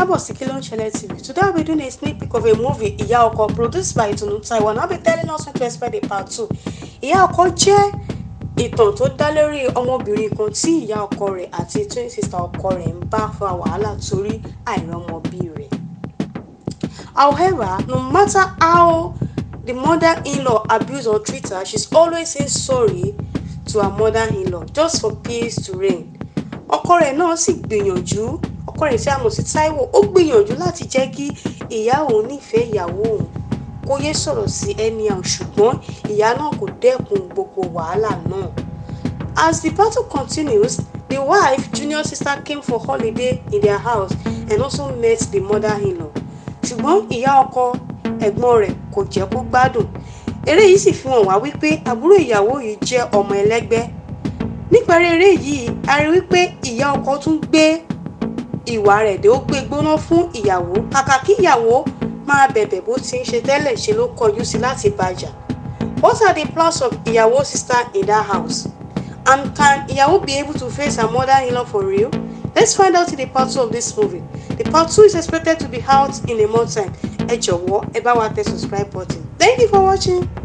kábọ̀ sí kí ló ń ṣẹlẹ̀ tv today i'll be doing a sneak peek of a movie ìyá ọkọ produced by Itunu Taiwan. i'll be telling us when to expect the part two ìyá ọkọ jẹ́ ìtàn tó dá lórí ọmọbìnrin kan tí ìyá ọkọ rẹ̀ àti twin sister ọkọ rẹ̀ ń bá fa wàhálà torí àìrọ́mọbí rẹ̀ however no matter how the mother-in-law abuse or treat her she's always say sorry to her mother-in-law just for peace to reign ọkọ rẹ̀ náà sì gbìyànjú ọkùnrin tí a mọ̀ ó gbìyànjú láti jẹ́ kí ìyá òun nífẹ̀ẹ́ ìyàwó òun kó yéé sọ̀rọ̀ sí anyhow ṣùgbọ́n ìyá náà kò dẹ́kun gbogbo wàhálà náà. As the battle continues, the wife junior sister came for holiday in their house and also met the mother-in-law ṣùgbọ́n ìyá ọkọ ẹ̀gbọ́n rẹ̀ kò jẹ́ kó gbádùn eré yìí sì fi hàn wá wípé àbúrò ìyàwó yìí jẹ́ ọmọ ẹlẹ́gbẹ́ níparí eré yìí a rí wípé ìyá ọkọ tún gbé ìwà rẹ̀ dé ó gbé gbóná fún ìyàwó kàkà kí ìyàwó máa bẹ̀bẹ̀ bó ti ń ṣe tẹ́lẹ̀ ṣe ló kọjú sí láti bàjà what are the plans of ìyàwó sister in that house and can ìyàwó be able to face her mother-in-law for real let's find out in the part two of this movie the part two is expected to be out in a month time ẹ jọ̀wọ́ ẹ bá wa tẹ subscribe button thank you for watching.